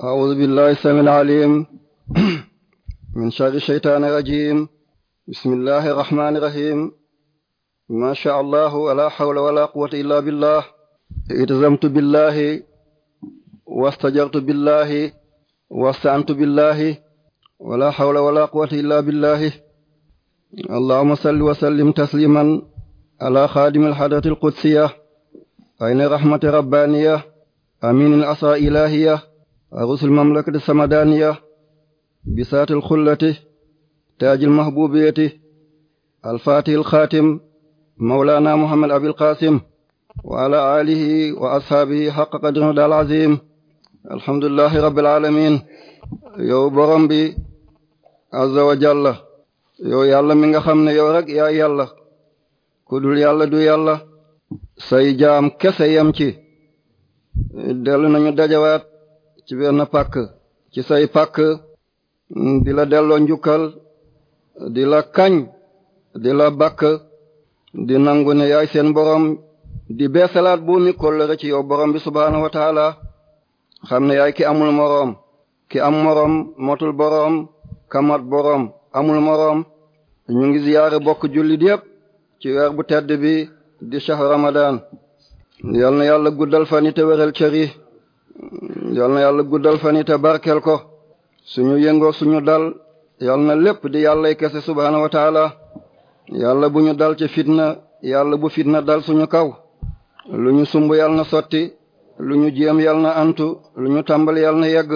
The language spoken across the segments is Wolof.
أعوذ بالله السميع العليم من شر الشيطان الرجيم بسم الله الرحمن الرحيم ما شاء الله ولا حول ولا قوة إلا بالله التزمت بالله واستجرت بالله واستعنت بالله ولا حول ولا قوة إلا بالله اللهم صل وسلم تسليما على خادم الحضرة القدسية عين رحمة ربانية أمين العصا إلهية rusul mamlakati samadaniya bisaatil xullati taajil mahbubiyati alfatihil xaatim mawlana muhammad abil qasim wa ala wa ashaabihi xaqa qadrin daal azim alhamdulillahi rabbil alamin yow borom bi azza wa jalla yow yàlla mi nga xam ne yow rek yaa yàlla ku dul yàlla du yàlla say jaam kese yem ci dellu nañu dajawaat ci benn pàkk ci say pàkk mm, di la delloo njukkal di la kañ di la bakk di nangu ne yaay seen borom di beesalaat buumi kóllëre ci yow borom bi subhaanahu wa xam ne yaay ki amul moroom ki am moroom motul boroom kamat boroom amul moroom ñu ngi ziyaare bokk jullit yépp ci weer bu tedd bi di shah ramadan yal na yàlla guddal fani te wéral cëri yal na yàlla guddal fan yi te barkel ko suñu yëngoo suñu dal yal na lépp di yàlla yàllay kese subhaanahu wa yàlla bu ñu dal ci fitna yàlla bu fitna dal suñu kaw lu ñu sumb yal na sotti lu ñu jéem yal na antu lu ñu tàmbali yal na yegg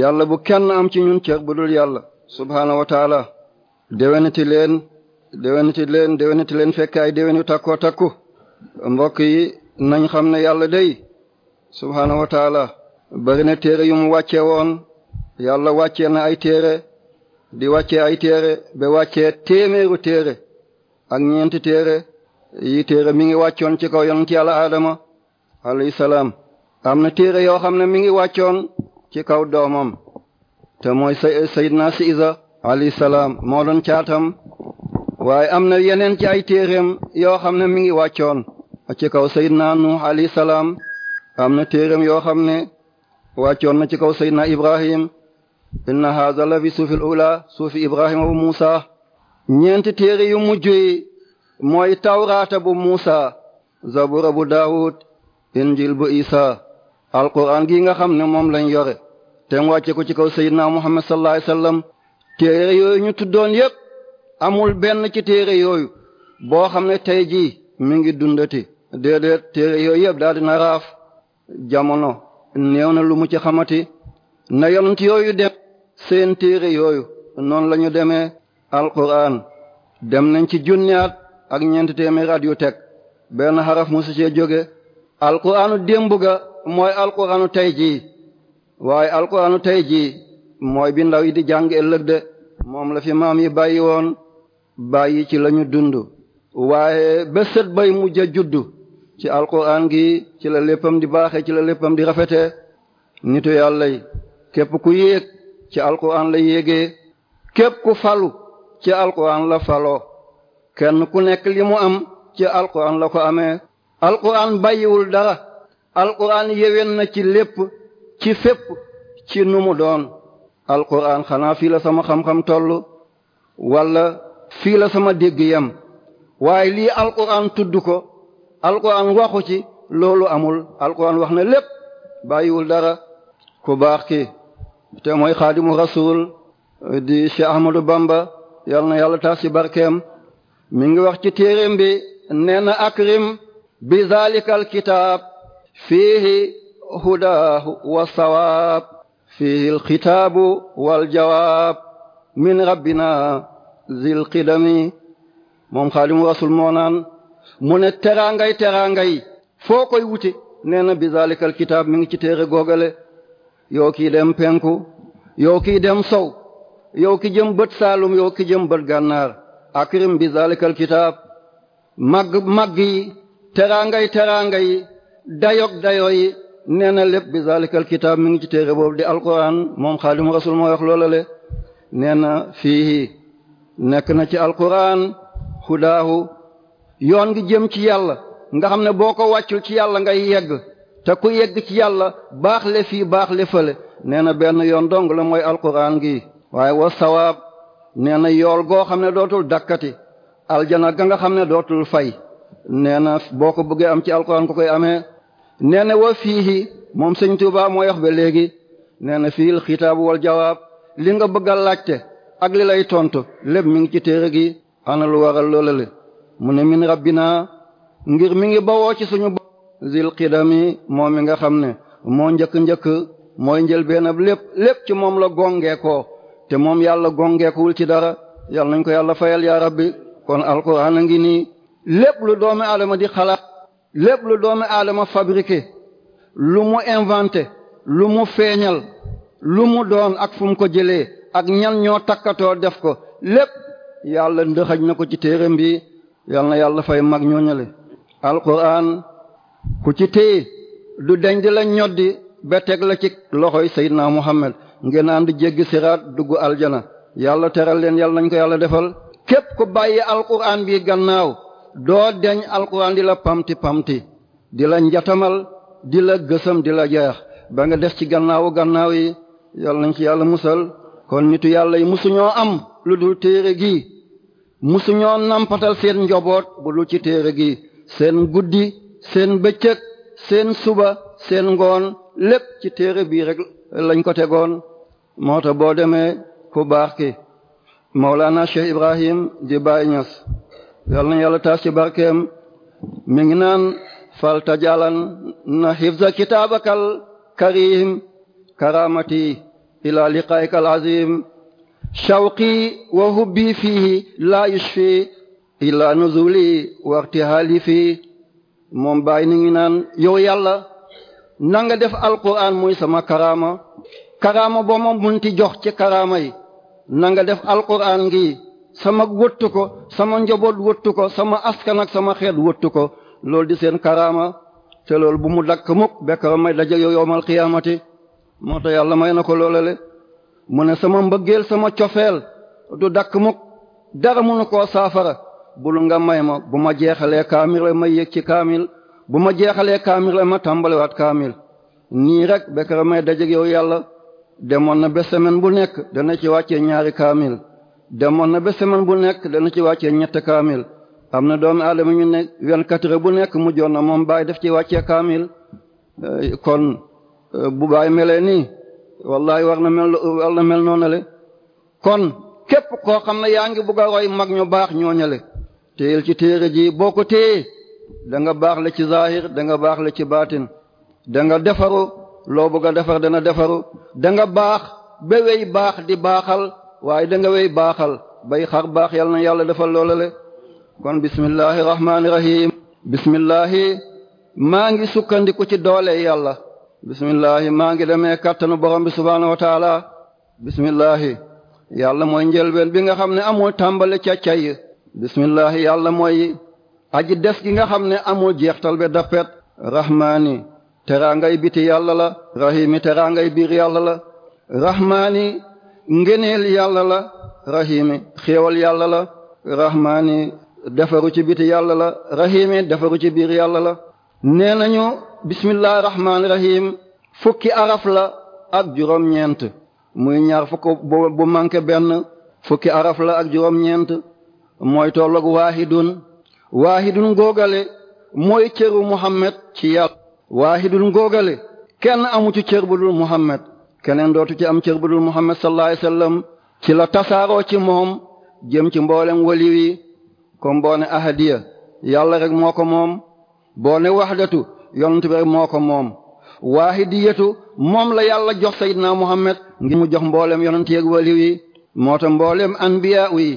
yàlla bu kenn am ci ñun cër bu dul yàlla subhaanahu wa taala déwéniti leen déwéniti leen déwéniti leen fekk ay déwén yu takkoo takku mbokk yi nañ xam ne yàlla dey subhaanahu bari na téere yu mu wàcce woon yàlla wàcce na ay téere di wàcce ay téere ba wàccee téeméeru téere ak ñeenti téere yi téere mi ngi wàccoon ci kaw yonent yàlla aadama alayhi salaam am na téere yoo xam ne mi ngi wàccoon ci kaw doomam te mooy sayidna si isa alayhi salaam moo doon caatam waaye am na yeneen ci ay téereem yoo xam ne mi ngi wàccoon ci kaw sayidna nuux alayhi salaam am na téereem yoo xam ne wàccoon na ci kaw seydina ibrahim inna hadha la fi suufil ula suufi ibrahima bu muusa ñeenti téere yu mujj yi mooy tawraata bu muusa zabura bu daawud injil bu isa alquran gi nga xam ne moom lañ yore te mu wàcce ci kaw seydina muhammad sallallahu alayhi wasallam téere yooyu ñu tuddoon yépp amul benn ci téere yooyu boo xam ne tey jii mi ngi dundati déedéet téere yooyu yépp daal dina raaf jamono néew na lu mu ci xamati na yonent yooyu dem seen téere yooyu noonu lañu deme demee dem nañ ci junniyaat ak ñeenti téeméer at yu teg benn xaraf musu cee jóge alquranu démb ga mooy alquranu tey jii waaye alquranu tey jii mooy bi ndaw yi di jàng ëllëg de moom la fi maam yi bàyyi woon bàyyi ci lañu dund waaye ba sët bay mujj a juddu ci alquran gi ci la léppam di baaxee ci la léppam di rafete nitu yàlla képp ku yéeg ci alquran la yéegee képp ku falu ci alquran la faloo kenn ku nekk li mu am ci alquran la ko amee alquran bàyyiwul dara alquran yéwén na ci lépp ci fépp ci nu mu doon alquran xanaa fii la sama xam-xam toll wala fii la sama dégg yam waaye lii alquran tudd ko alquran waxu ci loolu amul alquran wax na lépp bàyyiwul dara ku baax ki te mooy xaadimu rasul di Cheikh Ahmadou Bamba yal na yàlla taas ci barkeem mi ngi wax ci téereem bi nee na akrim bi zalikal kitaab fiihi hudaahu wa sawaab fiihi alxitaabu wal jawaab min rabbina zil qidami moom xaadimu rasul moo naan mu ne teraangay teraangay foo koy wuti nee na bizalikal kitaab mu ngi ci téere googale yow kii dem penku yow kii dem sow yow ki jëm bët saalum yow ki jëm bët gànnaar akrim bizalikal kitaab mag mag yi teraangay teraanga yi dayog dayo yi nee na lépp bizalikal kitaab mi ngi ci téere boobu di alquran moom xaadimu rasul moo wax loolale nee na nekk na ci alquran hudaahu yoon ngi jëm ci yàlla nga xam ne boo ko wàccul ci yàlla ngay yegg te ku yegg ci yàlla baax le fii baax le fële nee na benn yoon dong la mooy alquran gi waaye wa sawaab nee na yool goo xam ne dootul dakkati aljana ga nga xam ne dootul fay nee na boo ko bëggee am ci alquran ko koy amee nee na wa fiihi moom sëñ Tuubaa mooy wax ba léegi nee na fiil xitaab wa jawaab li nga bëgg a laajte ak li lay tontu lépp mi ngi ci téere gi ana lu waral mu ne min rabbina ngir mi ngi bawoo ci suñu zil qidami moo mi nga xam ne moo njëkk-njëkk mooy njëlbeen ab lépp lépp ci moom la gongeekoo te moom yàlla gongeekuwul ci dara yàlla nañ ko yàlla fayal yaa rabbi kon alquran ngi nii lépp lu doomi aadama di xalaat lépp lu doomi aadama fabriqué lu mu inventé lu mu feeñal lu mu doon ak fu ko jëlee ak ñan ñoo takkatoo def ko lépp yàlla ndëxañ na ko ci téeram bi yal na yàlla fay mag ñooñale alquran ku ci téye du deñ di la ñoddi ba teg la ci loxoy naa Muhammad ngeen ànd jéggi siraat dugg aljana yàlla teral leen yàlla nañ ko yàlla defal képp ko bàyyi alquran bi gannaaw doo deñ alquran di la pamti pamti di la njatamal di la gësam di la jeex ba nga des ci gannaawu gannaaw yi yàlla nañ ci yàlla musal kon nitu yàlla yi musuñoo am lu dul téere gi musuñoo nampatal seen njaboot bu dul ci téere gi seen guddi seen bëccëg seen suba seen ngoon lépp ci téere bii rek lañ ko goon moo tax boo demee ku baax ki Mawlana Cheikh Ibrahim di Baay Ñas yal na yàlla taas ci barkeem mi ngi naan fal tajalan na hifza kitaabakal karim karamati ila liqaykal azim shawqi wa hubbi fiihi laa yushfi illaa nuzuli wa irtihaali fii moom baay ni ngi naan yow yàlla na nga def alquran muy sama karaama karaama boo ma munti jox ci karaama yi na nga def alquran ngi sama wëttu ko sama njaboot wëttu ko sama askan ak sama xeet wëttu ko loolu di seen karaama te loolu bu mu dakk mukk bekk may daje yow yowmal qiyaamati moo tax yàlla may na ko loolale mu ne sama mbëggeel sama cofeel du dakk mukk dara mënu koo saafara bul nga may ma bu ma jeexalee kaamil la ma yëg ci kaamil bu ma jeexalee kaamil la ma tàmbaliwaat kaamil nii rek bekara may dajeg yow yàlla demoon na ba semaine bu nekk dana ci wàccee ñaari kaamil demoon na ba semaine bu nekk dana ci wàccee ñett kaamil am na doomu aadama ñu ne vingt-quatre bu nekk mu mujjoon na moom baay def ci wàccee kaamil eh, kon eh, bu baay melee nii wallahi war na mel war na mel noonu le kon képp koo xam ne yaa ngi bugg a roy mag ñu baax ñooñale téyel ci téere ji boo ko téye da baax la ci zahir danga baax la ci baatin danga defaru loo bugg a defar dana defaru danga baax ba wey baax di baaxal waaye da nga wey baaxal bay xar baax yal na yàlla defal loolale kon bismillahi rahmaani rahim bismillahi maa ngi sukkandiku ci doole yàlla bismillahi maa ngi demee kattanu borom bi subhaanahu wa taala bismillahi yàlla mooy njëlbeen bi nga xam ne amul tàmbale càccayi bismillahi yàlla mooy aj des gi nga xam ne amul jeextal be dappet rahmaani teraangay biti yàlla la rahimi teraangay biir yàlla la rahmaani ngeneel yàlla la rahimi xéewal yàlla la rahmaani defaru ci biti yàlla la rahimi defaru ci biir yàlla la nee nañu bismillahi rahmaani rahim fukki araf la ak juróom-ñeent muy ñaar fukk bu bu benn fukki araf la ak juróom-ñeent mooy tolloog waahidun waahidun góogale mooy cëru Muhammad ci yàlla waahidun góogale kenn amu ci cër bu dul Muhammad keneen dootu ci am cër bu dul Muhammad sallallahu alayhi wasallam ci la tasaaroo ci moom jëm ci mboolem waliw yi comme boo ne ahadiya yàlla rek moo ko moom boo ne wahdatu yonent bi rek moo ko moom waahidiyatu moom la yàlla jox sayyidina muhammad ngir mu jox mboolem yonent yeeg waliw yi moo mbooleem mboolem anbiya yi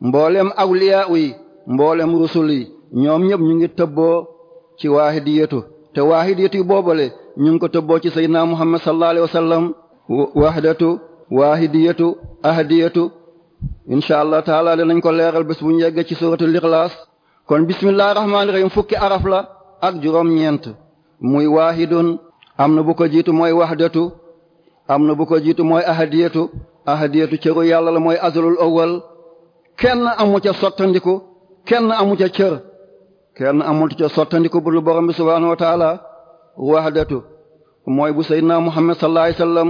mboolem awliya yi mboolem rusul yi ñoom ñëpp ñu ngi tëbboo ci waahidiyatu te waahidiyatu yi boobale ñu ngi ko tëbboo ci sayyidina muhammad sallallahu alayhi wasallam wahdatu waahidiyatu ahdiyatu incha allah taala danañ ko leeral bés bu ñu yeggee ci suratul ikhlas kon bismillahir rahmanir rahim fukki araf la ak juróom-ñeent muy waahidun am na bu ko jiitu mooy wahdatu am na bu ko jiitu mooy ahadiyatu ahadiyatu cëru yàlla la mooy azlul awwal kenn amu ca sottandiku kenn amu ca cër kenn amu ca sottandiku bu dul borom bi subhaanahu wa taala mooy bu sayyidina muhammad sallallahu alayhi wasallam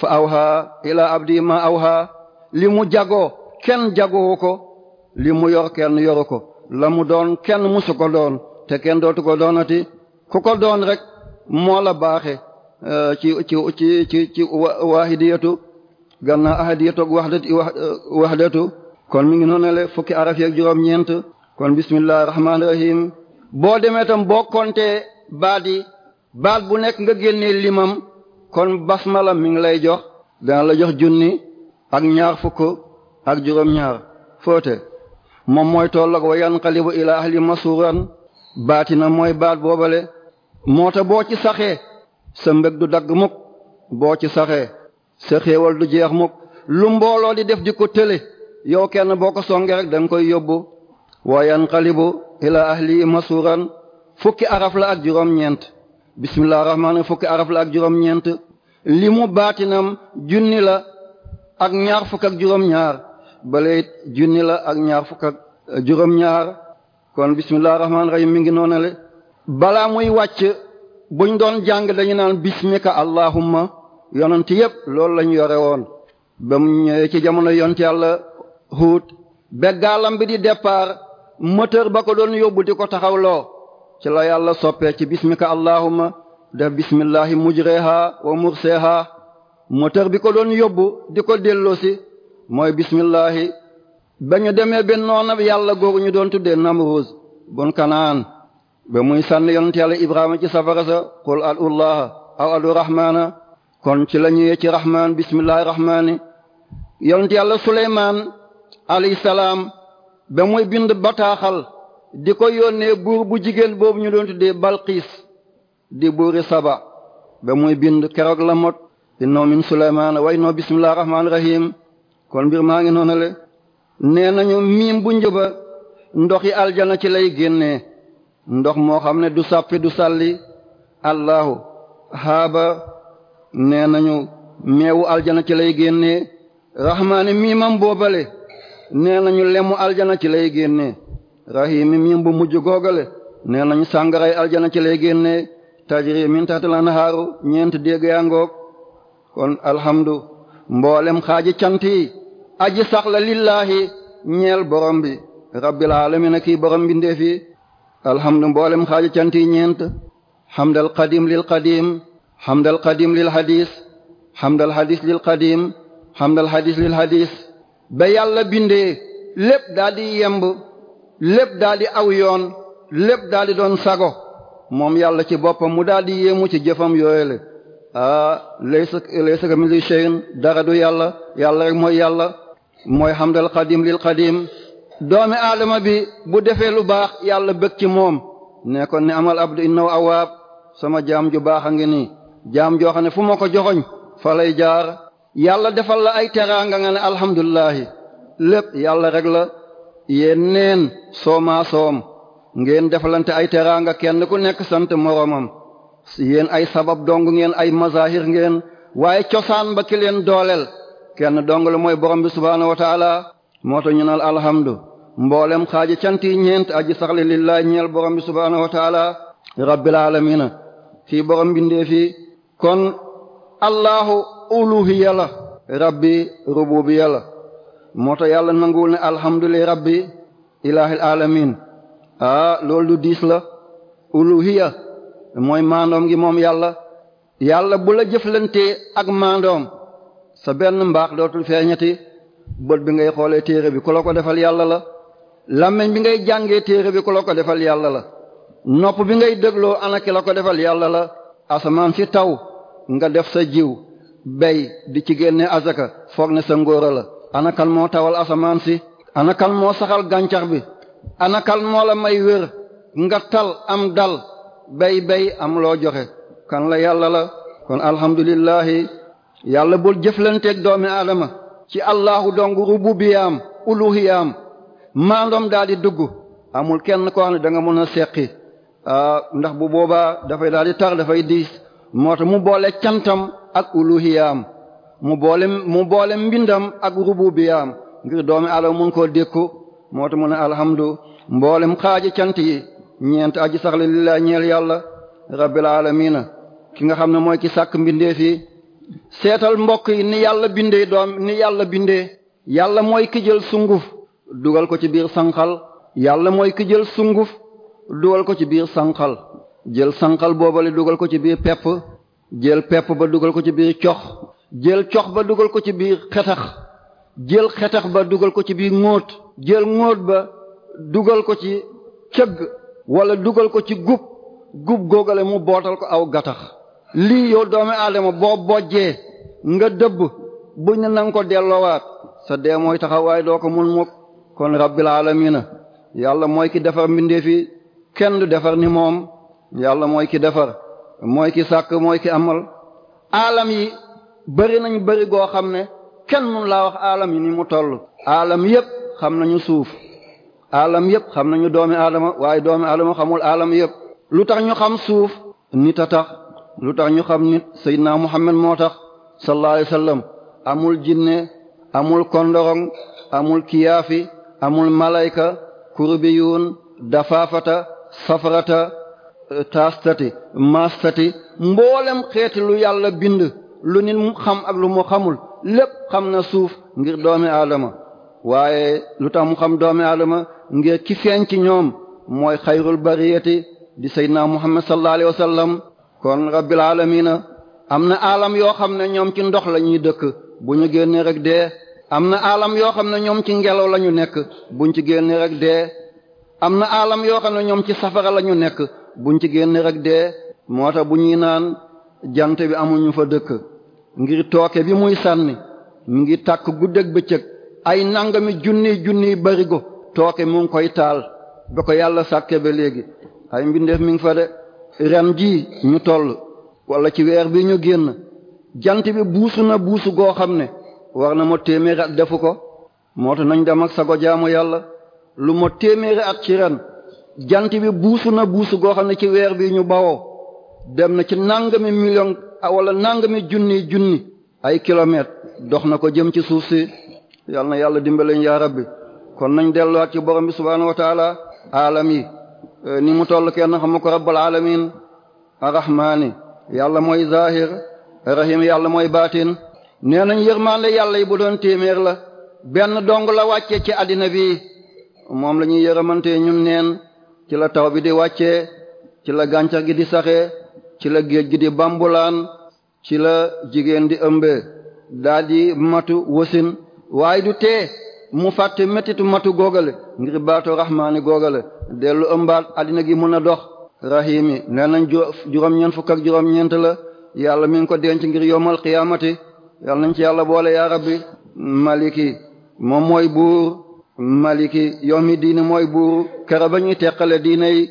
fa awha ila abdi ma awha li mu jagoo kenn jagoowu ko li mu yor kenn yoru ko la mu doon kenn musu ko doon te kenn dootu ko doonati ku ko doon rek moo la baaxe euh, ci ci ci ci ci waahidiyatu gannaaw ahadiyatu ak wahdatu euh, kon mi ngi noonale fukki araf yeeg juróom ñeent kon bismillahi rahmaani rahim boo demee tam boo kontee baat yi baat bu nekk nga génnee limam kon basmala mi ngi lay jox dana la jox junni ak ñaar fukk ak juróom ñaar foote moom mooy tollak wa yanqalibu ila ahli masuran baatina mooy baat boobale moo ta boo ci saxee sa mbég du dagg mukk boo ci saxee sa xéewal du jeex mukk lu mbooloo di def di ko tële yow kenn boo ko songe rek da koy yóbbu wa yanqalibu ila ahli masuran fukki araf la ak juróom-ñeent bismillahir rahmanir fukki araf la ak juróom-ñeent li mu baatinam junni la ak ñaar fukk ak juróom-ñaar bale junni la ak ñaar fukk ak juróom-ñaar kon bismillah rahmaani rahiim mi ngi noonale balaa muy wàcc buñ doon jàng dañu naan bismika allahumma yonent yépp loolu lañ yore woon ba mu ñëwee ci jamono yonent yàlla huut ba gaalam bi di départ moteur ba ko doon yóbbu di ko taxawloo ci la yàlla soppee ci bismika allahumma def bismillahi mujreha wa murseha moteur bi ko doon yóbbu di ko delloosi mooy bismillahi ba demee benn noonab yàlla googu ñu doon tuddee namruus bun kanaan ba muy sànni yonent yàlla ibrahima ci safara sa qul adu llaha aw adu rahmaana kon ci la ci rahmaan bismillahi rahmaani yonent yàlla suleymaan alayhi salaam ba muy bind bataaxal di ko yónnee buur bu jigéen boobu ñu doon tuddee balqiis di buuri saba ba muy bind keroog la mot innoo min suleymaan way noo bismillahi rahmaani rahim kon mbir maa ngi noonale nee nañu miim bu njëba ndoxi aljana ci lay génnee ndox moo xam ne du sàppi du sàlli allahu haaba nee nañu meewu aljana ci lay génnee rahmaani miimam boobale nee nañu lemu aljana ci lay génnee rahimi miim bu mujj googale nee nañu sàngaray aljana ci lay génnee tajri min tahtil anhaaru ñeent dégg yaa ngoog kon alhamdu mboolem xaaji cant yi aji sax la lillaahi ñeel borom bi rabbil aalamiina kii borom bi ndeefi alhamdu mboolem xaaji cant ñeent hamdal qadim lil qadim hamdal qadim lil hadis hamdal hadis lil qadim hamdal yàlla bindee lépp daal di yemb lépp daal di lépp daal doon sago moom yàlla ci boppam mu daal di yéemu ci jëfam yooyele aa ah, laysa laysa kamithlihi shay'un dara du yàlla yàlla rek mooy yàlla mooy xamdal xadim lil xadim doomi aadama bi bu defee lu baax yàlla bëgg ci moom ne kon ne amal abdu innahu awaab sama jaam ju baax a ngi nii jaam joo xam ne fu ma ko joxoñ fa lay jaar yàlla defal la ay teraanga nga ne alhamdulilahi lépp yàlla rek la yéen neen soomaa soom ngeen defalante ay teraanga kenn ku nekk sant moroomam yéen ay sabab dong ngeen ay mazahir ngeen waaye cosaan ba ki dooleel kenn dong mooy borom bi subhaanahu wa taala moo tax ñu naan alhamdu mboolem xaaji cant yi ñeent aji saxli lillahi ñeel borom bi subhaanahu wa taala rabbil alamina fii borom bindee fii kon allahu uluhiya la rabbi rububiya la moo tax yàlla nanguwul ne alhamdulillahi rabbi ilahil alamin aa ah, loolu du diis la uluhiya mooy maandoom gi moom yàlla yàlla bu la jëflante ak maandoom sa benn mbaax dootul ti bët bi ngay xoolee téere bi ku la ko defal yàlla la làmmiñ bi ngay jàngee téere bi ku la ko defal yàlla la nopp bi ngay dégloo ana ki la ko defal yàlla la asamaan si taw nga def sa jiw bay di ci génne azaka foog ne sa ngóora la ana kan moo tawal asamaan si ana kan moo saxal gàncax bi ana kan moo la may wér nga tal am dal bay bay am loo joxe kan la yàlla la kon alhamdulillahi yàlla bul jëflanteeg doomi aadama ci allahu dong rububiyaam uluhiyaam maandoom daal di dugg amul kenn koo xam ne danga mën a seqi ah, ndax bu boobaa dafay daal di tar dafay diis moo tax mu boole cantam ak uluhiyaam mu boole mu boole mbindam ak rububiyaam ngir doomi aadama mun koo dékku moo tax mu ne alhamdu mboolem xaaji cant yi ñeent aji saxle lillaa ñeel yàlla rabbil alamina ki nga xam ne mooy ki sàkk mbindeef yi seetal mbokk yi ni yàlla bindee doom ni yàlla bindee yàlla mooy ki jël sunguf dugal ko ci biir sànqal yàlla mooy ki jël sunguf dugal ko ci biir sànqal jël sanqal boobale dugal ko ci biir pepp jël pepp ba dugal ko ci biir cox jël cox ba dugal ko ci biir xetax jël xetex ba dugal ko ci biir ŋóot jël ŋóot ba dugal ko ci cëgg wala dugal ko ci gub gub googale mu bootal ko aw gattax lii yow doomi aadama boo bojjee nga dëbb buñ ne nanga ko delloowaat sa dee mooy taxawaay doo ko mun mukk kon rabbil alamina yàlla mooy ki defar mbindee fi kenn du defar ni moom yàlla mooy ki defar mooy ki sàkk mooy ki amal alam yi bari nañ bari goo xam ne kenn mun laa wax alam yi ni mu toll alam yëpp xam nañu suuf alam yëpp xam nañu doomi aadama waaye doomi aadama xamul alam yëpp lu tax ñu xam suuf nit a tax lu tax ñu xam ni Seydina Muhammad moo tax sallallahu alayhi wasallam amul jinne amul kondorong amul kiyaafi amul malayka kurbiyun dafaafata safarata taastati maastati mboolem xeeti lu yàlla bind lu nit mu xam ak lu mu xamul lépp xam na suuf ngir doomi aadama waaye lu tax mu xam doomi aadama ngir ki feeñ ci ñoom mooy xayrul bariyati di seydina muhammad sallallahu alayhi wasallam kon rabbil alamina am na alam yoo xam ne ñoom ci ndox la ñuy dëkk bu ñu génnee rek dee am na alam yoo xam ne ñoom ci ngelaw la ñu nekk buñ ci génnee rek dee am na alam yoo xam ne ñoom ci safara la ñu nekk buñ ci génnee rek dee moo tax bu ñuy naan jant bi amuñu fa dëkk ngir tooke bi muy sànni mu ngi takk tàkk guddeeg bëccëg ay nangami junniy junniy barigo tooke mu koy taal ba ko yàlla sàkke ba léegi ay mbindeef mi fa de ren ji ñu toll wala ci weer bi ñu génn jant bi buusu na buusu goo xam ne war na ma téeméeri at defu ko moo tax nañ dem ak sago jaamu yàlla lu ma téeméeri at ci ren jant bi buusu na buusu goo xam ne ci weer bi ñu bawoo dem na ci nangami million wala nangami junni junni ay kilomètres dox na ko jëm ci suuf si yal na yàlla dimbaleñ yaa rabbi kon nañ delluwaat ci borom bi subhaanahu wa aalam yi Eh, ni mu toll kenn xamu ko rabbal alamin arrahmaani yàlla mooy zahir rahim yàlla mooy baatin nee nañ yërmaande yàlla yi bu doon téeméer la benn dong la wàcce ci àddina bi moom la ñuy ñun neen ci la taw bi di wàcce ci la gàncax gi di saxe ci la géej gi di bambulaan ci la jigéen di ëmbee daal matu wasin waaye du tee mu fàtte metitu matu googale ngir baatu rahmaani googale dellu ëmbaat addina gi mën a dox rahimi nee nañ juróom-ñeent fukk ak juróom-ñeent la yàlla mi ngi ko denc ngir yomal qiyaamati yàlla nañ ci yàlla boole yaa rabbi maliki moom mooy buur maliki yawmi diini mooy buur kere ba ñuy teqale diine yi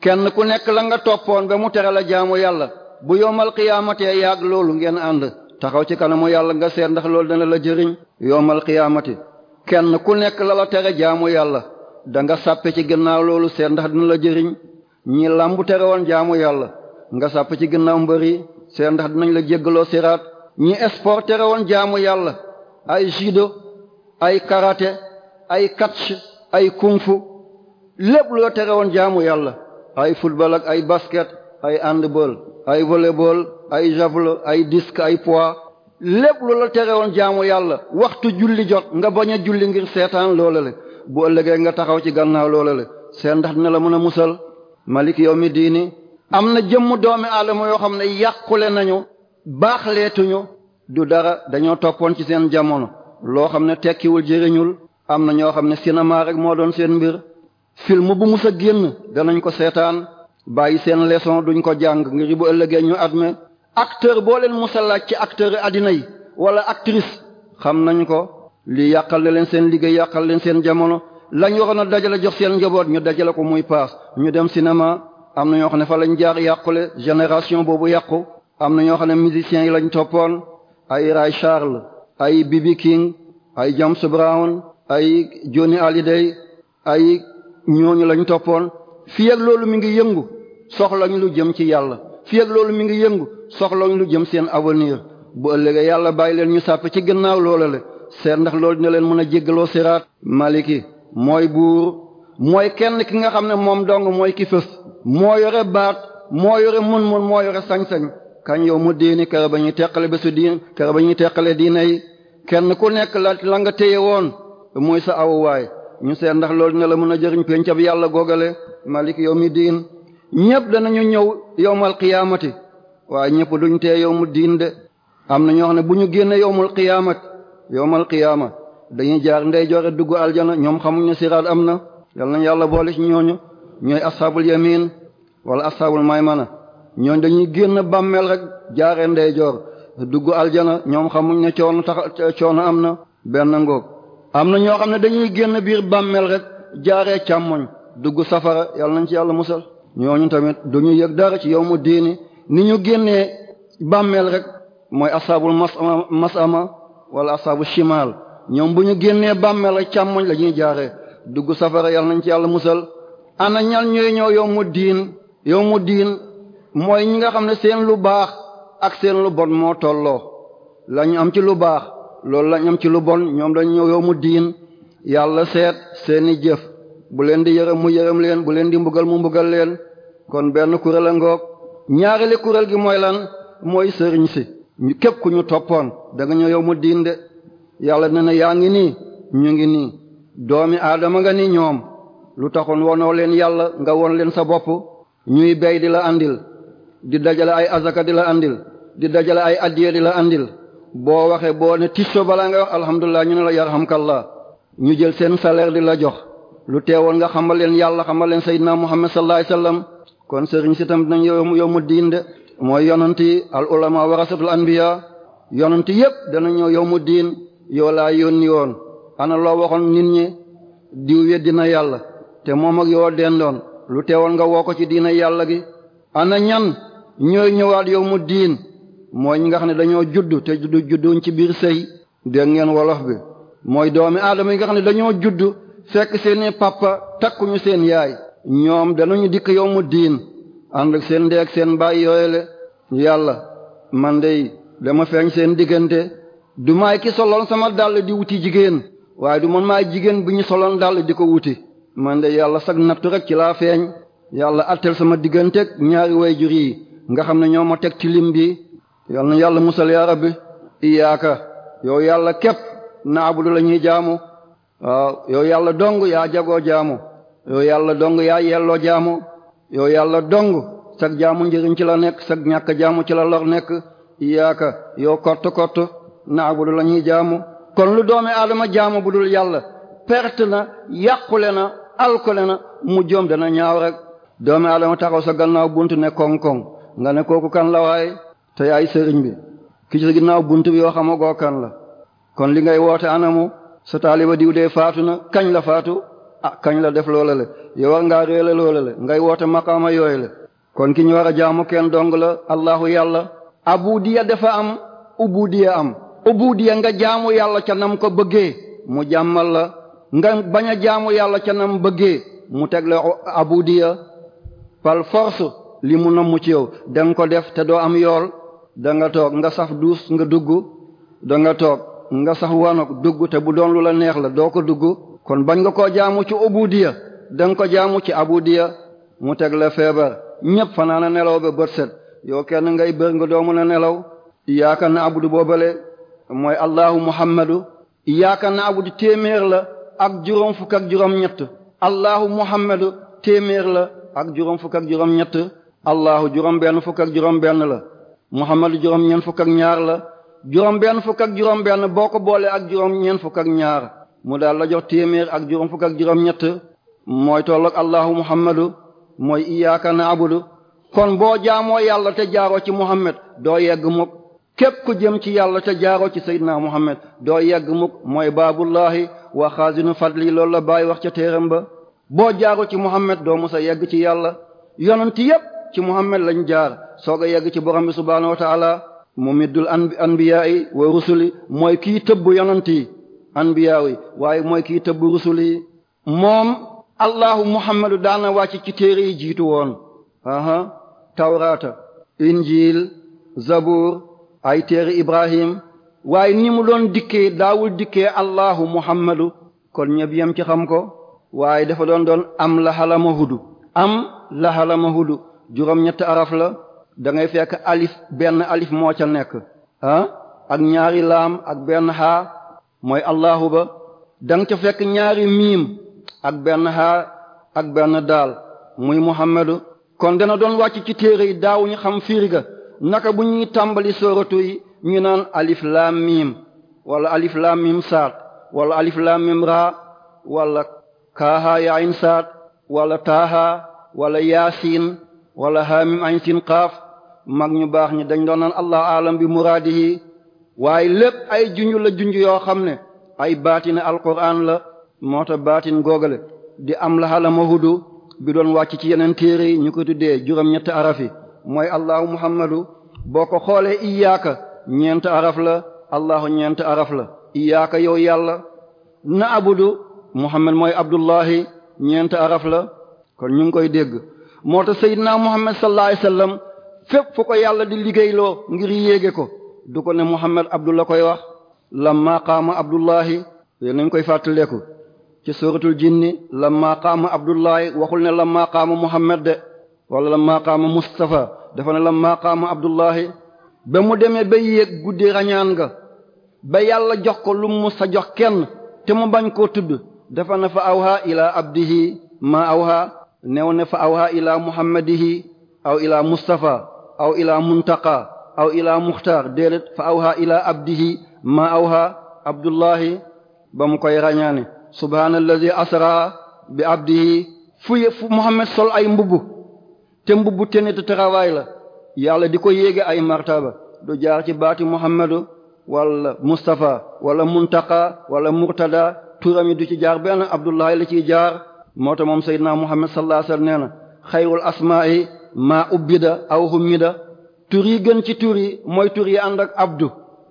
kenn ku nekk la nga toppoon ba mu tere la jaamu yàlla bu yomal qiyaamatee yaag loolu ngeen ànd taxaw ci kanamu yàlla nga seet ndax loolu dana la jëriñ yomal qiyaamati kenn ku nekk la la tere jaamu yàlla da nga sàppe ci ginnaaw loolu seet ndax dina la jëriñ ñi làmbu tere woon jaamu yàlla nga sàppe ci gannaaw mbëri seet ndax di dinañ la jéggaloo siraat ñi sport tere woon jaamu yàlla ay judo ay karate ay catch ay kung lépp loo tere woon jaamu yàlla ay football ak ay basket ay handball ay volleyball ay javelot ay disque ay poids lépp lu la tere woon jaamu yàlla waxtu julli jot nga bañ a julli ngir seetaan loola le bu ëllëgee nga taxaw ci gannaaw loola la seen ndax dina la mën a musal malik yow mi diini am na jëmm doomi aadama yoo xam ne yàqule nañu baaxleetuñu du dara dañoo toppoon ci seen jamono loo xam ne tekkiwul jëriñul am na ñoo xam ne cinéma rek moo doon seen mbir film bu mus génn danañ ko seetaan bàyyi seen leçon duñ ko jàng ngir bu ëllëgee ñu adme acteur boo leen musalaat ci acteur àddina yi wala actrice xam nañ ko lii yàqal na leen seen liggéey yàqal leen seen jamono lañu waroon a dajale jox seen njaboot ñu dajale ko muy paas ñu dem cinéma am na ñoo xam ne fa lañ jaar yàqule génération boobu yàqu am na ñoo xam ne musiciens yi lañ toppoon ay Ray Charles ay B.B. King ay James Brown ay Johnny Hallyday ay ñooñu lañ toppoon fii ak loolu mi ngi yëngu soxlañ lu jëm ci yàlla fii ak loolu mi ngi yëngu soxlañ lu jëm seen avenir bu ëllëgee yàlla bàyyi leen ñu sàpp ci gannaaw loola le seet ndax loolu dina leen mën a jéggaloo siraat maliki mooy buur mooy kenn ki nga xam ne moom dong mooy ki fës moo yore baat moo yore mën mun moo yore sañ-sañ kañ yow mu diini kara ba ñuy teqale bésu diin kara ba ñuy teqale diina yi kenn ku nekk la la nga téye woon muy sa awuwaay ñu seet ndax loolu dina la mën a jëriñ pencab yàlla googale maliki yow mi diin ñëpp danañu ñëw yowmal qiyaamati waaye ñëpp duñ tee yowmu diin de am na ñoo ne bu ñu génne yowmul yowmal qiyaama dañuy jaar ndey joore dugg aljana ñoom xamuñ ne siraat am na yal nañ yàlla boole ci ñooñu ñooy ashabul yamin wala ashabul maymana ñooñ dañuy génn bàmmeel rek jaare ndeyjoor dugg aljana ñoom xamuñ ne coono tax coono am na benn ngoog am na ñoo xam ne dañuy génn biir bàmmeel rek jaaree càmmoñ dugg safara yàlla nañ ci yàlla musal ñooñu tamit duñu yëg dara ci yawmu diini ni ñu génnee bàmmeel rek mooy asaabul mas ama mas ama wala asabu shimal ñoom bu ñu génnee bàmmeel ak càmmoñ la ñuy jaaree dugg safara yal nañ ci yàlla musal ana ñal ñooy ñëw yow mu diin yow mu diin mooy ñi nga xam ne seen lu baax ak seen lu bon moo tolloo la am ci lu baax loolu la am ci lu bon ñoom dañ ñëw yow mu diin yàlla seet seeni jëf bu leen di yërëm mu yërëm leen bu leen di mbugal mu mbugal leen kon benn kuréel a ngoog ñaareeli kuréel gi mooy lan mooy sëriñ si képp ku ñu toppoon danga nga ñëw yow mu diin de yàlla ne na yaa ngi nii ñu ngi nii doomi aadama nga ni ñoom lu taxoon wonoo leen yàlla nga won leen sa bopp ñuy bey di la andil di dajale ay azaka di la andil di dajale ay addiye di la andil boo waxee boo ne tisso balaa nga wax alhamdulilah ñu ne la yarhamkallah ñu jël seen salaire di la jox lu teewoon nga xamal leen yàlla xamal leen sayyidina muhammad sallallahu alayhi wasallam kon sëriñ si tam dinañ yow yow mu diin de mooy yonanti al yonent yépp dana ñëw yow mu diin yow laa yónni woon ana loo waxoon nit ñi diw weddi na yàlla te moom ak yow dendoon lu teewoon nga woo ko ci diina yàlla gi ana ñan ñooy ñëwaat yow mu diin mooy ñi nga xam ne dañoo judd te juddu judduuñ ci biir sëy dégg ngeen wolof bi mooy doomi aadama yi nga xam ne dañoo juddu fekk seeni papa takkuñu seen yaay ñoom danañu dikk yow mu diin ànd ak seen ndeeg seen baay yàlla man dey dama feeñ seen diggante du maay ki soloon sama dàll di wuti jigéen waaye du ma maay jigéen bu ñu soloon dàll di ko wuti man de yàlla sag nattu rek ci laa feeñ yàlla attel sama diggante ñaari wayjur yi nga xam ne ñoo ma teg ci lim bi yal na yàlla musal yaa rabbi iyaaka yow yàlla képp naabudu la ñuy jaamu waaw yow yàlla dong yaa jagoo jaamu yow yàlla dong yaa yelloo jaamu yow yàlla dong sag jaamu njëriñ ci la nekk sag ñàkk jaamu ci la lor nekk iyaaka yow kott kott naabudu la ñuy jaamu kon lu doomi aadama jaamu bu dul yàlla perte na yàqule na alkule na mu joom dana ñaaw rek doomi aadama taxaw sa gannaaw bunt ne koŋ-koŋ nga ne kooku kan la waaye te yaay sëriñ bi ki ci ginnaaw bunt bi yoo xamagoo kan la kon li ngay woote mu sa taaliba diw dee faatu na kañ la faatu a ah, kañ la def loola le yow war ngaa réele loola le ngay woote maqaama yooyu le kon ki ñu war a jaamu kenn dong la allahu yàlla abudiya dafa am ubudiya am ubudiya nga jaamu yàlla ca nam ko bëggee mu jàmmal la nga bañ a jaamu yàlla ca nam bëggee mu teg la abudiya par force li mu namm ci yow danga ko def te doo am yool da nga toog nga saf duus nga dugg da nga toog nga sax wanoog dugg te bu doon la neex la doo ko dugg kon bañ nga koo jaamu ci ubudiya danga ko jaamu ci abudiya mu teg la feebar ñépp fanaana nelaw ba bët set yow kenn ngay bër nga doo mën a nelaw iyaaka na abudu boobale mooy allahu muhammadu iyaaka na abudu téeméer la ak juróom fukk ak juróom ñett allahu muhammadu téeméer la ak juróom fukk ak juróom ñett allahu juróom benn fukk ak juróom benn la muhammadu juróom ñeent fukk ak ñaar la juróom benn fukk juróom benn boo ko boolee ak juróom ñeent fukk ak ñaar mu daal la jox téeméer ak juróom fukk ak juróom ñett mooy tolloog allahu muhammadu mooy iyaaka na abudu kon boo jaamoo yàlla te jaaroo ci Muhammad doo yegg mukk képp ku jëm ci yàlla te jaaroo ci Seydina Muhammad doo yegg mukk mooy baabullahi wa xaasinu fadli loolu la bàyyi wax ca téeram ba boo jaaroo ci Muhammad doo mos yegg ci yàlla yonent yépp ci Muhammad lañ jaar soog a yegg ci borom bi subhaanahu wa taala mu middul anbiyaa'i wa rusuli mooy kii tëbb yonent yi anbiyaa'i waaye mooy kii tëbb rusuli yi moom allahu muhammadu daana wàcc ci téere yi jiitu woon tawraata injil zabur ay téeri ibrahim waaye ni mu doon dikkee daawul dikkee allahu muhammadu kon ñëpp yem ci xam ko waaye dafa doon doon am laxalama hudu am laxalama hudu juróom ñett araf la dangay fekk alif benn alif moo ca nekk ak ñaari laam ak benn xaa mooy allahu ba da ca fekk ñaari miim ak benn xaa ak benn daal muy muhammadu kon dana doon wàcc ci téere yi daawuñu xam firiga naka bu ñuy tàmbali sooratu yi ñu naan alif laam miim wala alif laam saat wala alif laam miim raa wala kaaha yaayin saat wala taaha wala yaasiin wala haamim ayn siin mag ñu baax ñi dañ doon naan allah alam bi muraadihi waaye lépp ay junj la yoo xam ne ay baatina alquran la moo tax baatin googale di am la xalama hudu bi doon wàcc ci yeneen téere yi ñu ko tuddee juróom-ñetti araf yi mooy allahu muhammadu boo ko xoolee iyaaka ñeent araf la allahu ñeent araf la iyaaka yow yàlla na abudu muhammad mooy abdullahi ñeent araf la kon ñu ngi koy dégg moo tax seydinaa muhammad sallallahu alayhi wasallam fépp fu ko yàlla di liggéeyloo ngir yéege ko du ko ne muhammad abdullah koy wax lamma qaama abdullahi yéen nañ koy fàttaleeku ci suratul jinni lamma qaama abdullahi waxul ne lamma qaama muhammad de wala lamma qaama mustafa dafa ne lamma qaama abdullahi ba mu demee ba yéeg guddi rañaan nga ba yàlla jox ko lum mu sa jox kenn te mu bañ koo tudd defa ne fa awha ila abdihi ma awha new ne fa awha ila muhammadihi aw ila mustafa aw ila muntaqa aw ila muxtaar déedéet fa awha ila abdihi ma awha abdullahi ba mu koy rañaane subhaanallazi asra bi abdihi fu fu Muhammad sol ay mbubb te mbubb te te tarawaay la yàlla di ko yéege ay martaba du jaar ci baati Muhammadu wala Mustafa wala Muntaqa wala Murtada turam yi du ci jaar benn Abdullahi la ciy jaar moo tax moom Seydina Muhammad sallallahu alayhi wa sallam nee na xayrul asmaa'i maa ubbida aw humida tur yi gën ci tur yi mooy yi ànd ak abdu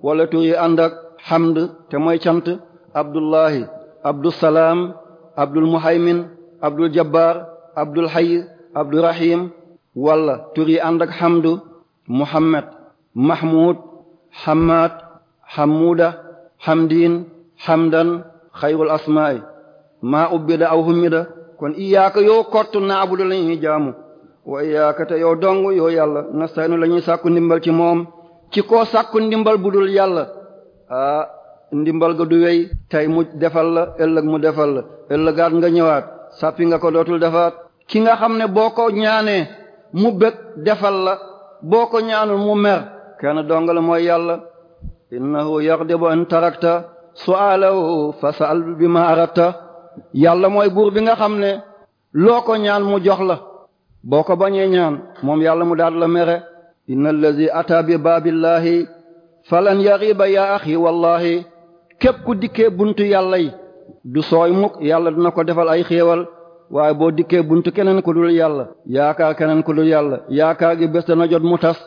wala tur yi ànd ak hamd te mooy cant Abdullahi abdul salaam abdul muhaymin abdul jabbar abdul hayy abdul rahim wala tur yi ànd ak hamdu muhammad mahmud hamad hamuda hamdin hamdan xayrul asma'i maa ubbida aw humida kon iyaaka yow kott naabudu la ñuy jaamu wa iyaaka te yow dong yow yàlla nastaynu la ñuy sàkku ndimbal ci moom ci koo sàkku ndimbal budul yàlla ndimbal ga du wey tey mu defal la ëllëg mu defal la ëllëgaat nga ñëwaat sàppi nga ko dootul defaat ki nga xam ne boo ko ñaanee mu bëgg defal la boo ko ñaanul mu mer kenn dongal mooy yàlla innahu yaghdabu an tarakta su'alahu fasal bima arata yàlla mooy buur bi nga xam ne loo ko ñaan mu jox la boo ko bañee ñaan moom yàlla mu daal la mere inna allazi ata bi babillahi falan yaghiba ya akhi wallahi képp ku dikkee buntu yàlla yi du sooy mukk yàlla dina ko defal ay xéewal waaye boo dikkee bunt keneen ku dul yàlla yaakaar keneen ku dul yàlla yaakaar gi bés dana jot mu tas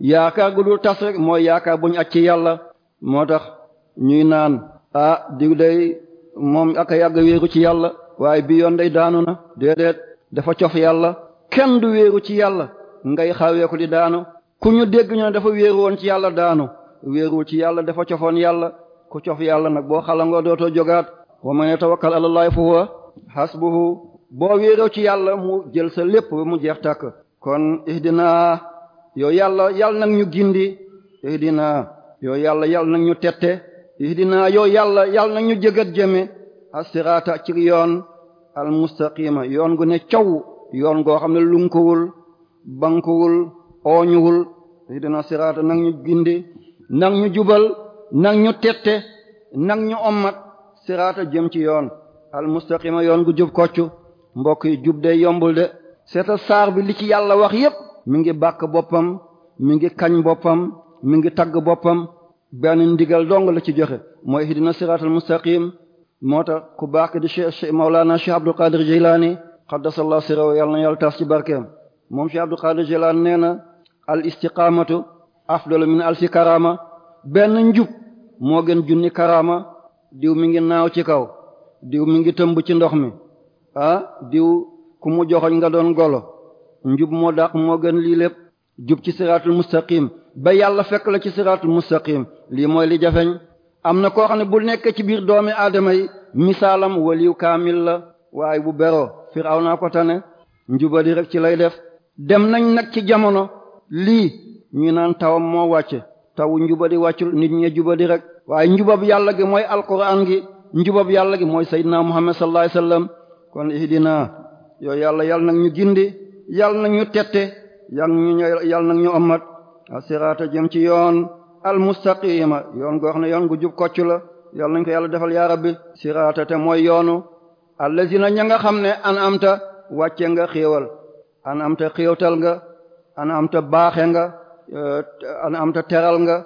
yaakaar gu dul tas rek mooy yaakaar bu ñu acc ci yàlla moo tax ñuy naan ah di day moom ak yàgg wéeru ci yàlla waaye bi yoon day daanu na déedéet dafa cof yàlla kenn du wéeru ci yàlla ngay xawee ko di daanu ku ñu dégg ñu ne dafa wéeru woon ci yàlla daanu wéeruwul ci yàlla dafa yàlla ku cof yàlla nag boo xalangoo dootoo jogaat wa man yatawakkal ala llahi fa huwa hasbuhu boo wéeroo ci yàlla mu jël sa lépp ba mu jeex tàkk kon ihdina yow yàlla yàlla nag ñu gindi ihdina yow yàlla yàlla nag ñu tette ihdina yow yàlla yàlla nag ñu jëgat jëme as-sirata ci yoon al mustaqima yoon gu ne caw yoon goo xam ne lunkuwul bankuwul ooñuwul ihdina sirata nag ñu gindi nag ñu jubal nag ñu tette nag ñu ommat siraata jëm ci yoon al mustaqima yoon gu jub koccu mbokk yi jub day yombul de seeta saar bi li ci yàlla wax yépp mi ngi bàkk boppam mi ngi kañ boppam mi ngi tagg boppam benn ndigal dong la ci joxe mooy ihdina siraatal mustaqim moo tax ku baax di Cheikh Mawlana Cheikh Abdul Qadir Jilani qaddasallahu sirrahu yàlla na yàlla taas ci barkeem moom si Abdul Qadir Jilani nee na al istiqamatu afdalu min alfi karama benn njub moo gën junni karaama diw mi ngi naaw ci kaw diw mi ngi tëmb ci ndox mi ah diw ku mu joxoñ nga doon golo njub moo dàq moo gën lii lépp jub ci siraatul mustaqim ba yàlla fekk la ci siraatul mustaqim lii mooy li jafeñ am na koo xam ne bu nekkee ci biir doomi aadama yi misaalam waliw kaamil la waaye bu beroo firaw naa ko tane njubadi rek ci lay def dem nañ nag ci jamono lii ñu naan tawam moo wàcce tawu njubadi wàccul nit ñee jubadi rek waaye njubab yàlla gi mooy alquran gi njubab yàlla gi mooy sayyidina muhammad sallallahu alayhi wasallam kon ihdina yow yàlla yàlla nag ñu gindi yàlla nag ñu tette yàlla ñu yàlla nag ñu amat asirata jëm ci yoon almustaqima yoon goo xam ne yoon gu jub kocc la yàlla nañ ko yàlla defal ya bi sirata te mooy yoonu na ña nga xam ne an amta wàcce nga xéewal an amta xéewtal nga an amta baaxe nga euh, an amta teral nga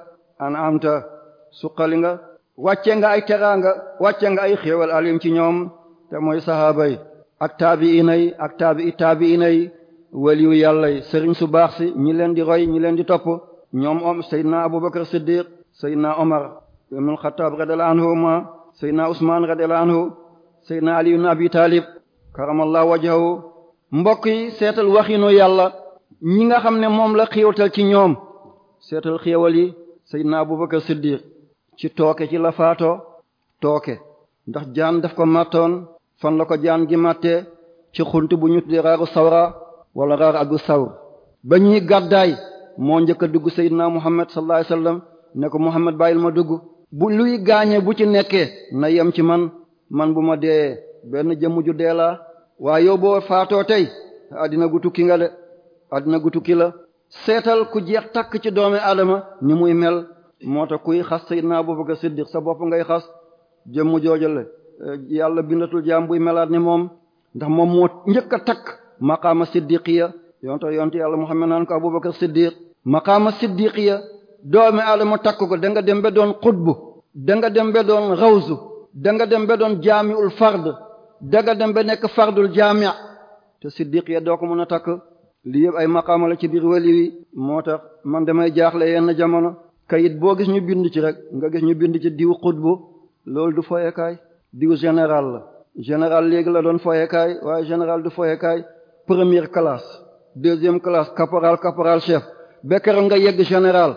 an amta suqali nga wàcce nga ay teraanga wàcce nga ay xéewal alim ci ñoom te mooy sahaaba yi ak taabiina yi ak taabii taabiina yi waliyu yàlla yi sëriñ su baax si ñi leen di roy ñi leen di topp ñoom om seydina abubakar siddiq seydina omar ibnul xattaab radiyallahu anhuma seydina usmaan radiyallahu anhu seydina ali ibn abi taalib karamallahu wajhahu mbokk yi seetal waxinu yàlla ñi nga xam ne moom la xéewtal ci ñoom seetal xéewal yi seydina abubakar siddiq ci tooke ci la faatoo tooke ndax jaan def ko màttoon fan la ko jaan gi màttee ci xunt bu ñu tuddee raaru sawra wala raar agu sawr ba ñuy gàddaay moo njëkk dugg seydinaa muhammad sallallahu alayhi wasallam ne ko muhammad bàyyil ma dugg bu luy gaañe bu ci nekkee na yem ci man man bu ma dee benn jëmm ju dee laa waaye yow boo faatoo tey addina gu tukki nga de addina gu tukki la seetal ku jeex takk ci doomi aadama ni muy mel moo tax kuy xas sayyidna Abubakar Siddiq sa bopp ngay xas jëmm joojale eh, yàlla bindatul jaam buy melaat ni moom ndax moom moo njëkk a takk maqaama siddiqiya yonte yonte yàlla Muhammad naan ko Abubakar Siddiq maqaama siddiqiya doomi aadama takk ko danga dem ba doon xutbu da nga dem ba doon rawsu da nga dem ba doon jaamiul fard da dem ba nekk fardul jaami te siddiqiya doo ko mën a takk lii yëpp ay maqaama la ci biir wali moo tax man damay jaaxle yenn jamono kayit boo gis ñu bind ci rek nga gis ñu bind ci diw xutbu loolu du foyekaay diw général la général léegi la doon foyekaay waaye général du foyekaay première classe deuxième classe caporal caporal chef ba keroog nga yegg général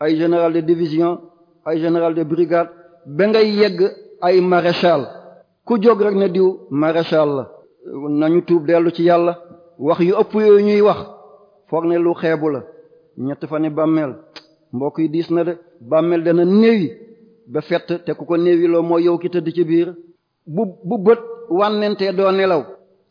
ay général de division ay général de brigade ba ngay yegg ay maréchal ku jóg rek ne diw maréchal la nañu tuub dellu ci yàlla wax yu ëpp yooyu ñuy wax foog ne lu xeebu la ñett fa ni bàmmeel mbokk yi diis na de bàmmeel dana néewi ba fett te ku ko néewi loo mooy yow ki tëdd ci biir bu bu bët wànnentee doo nelaw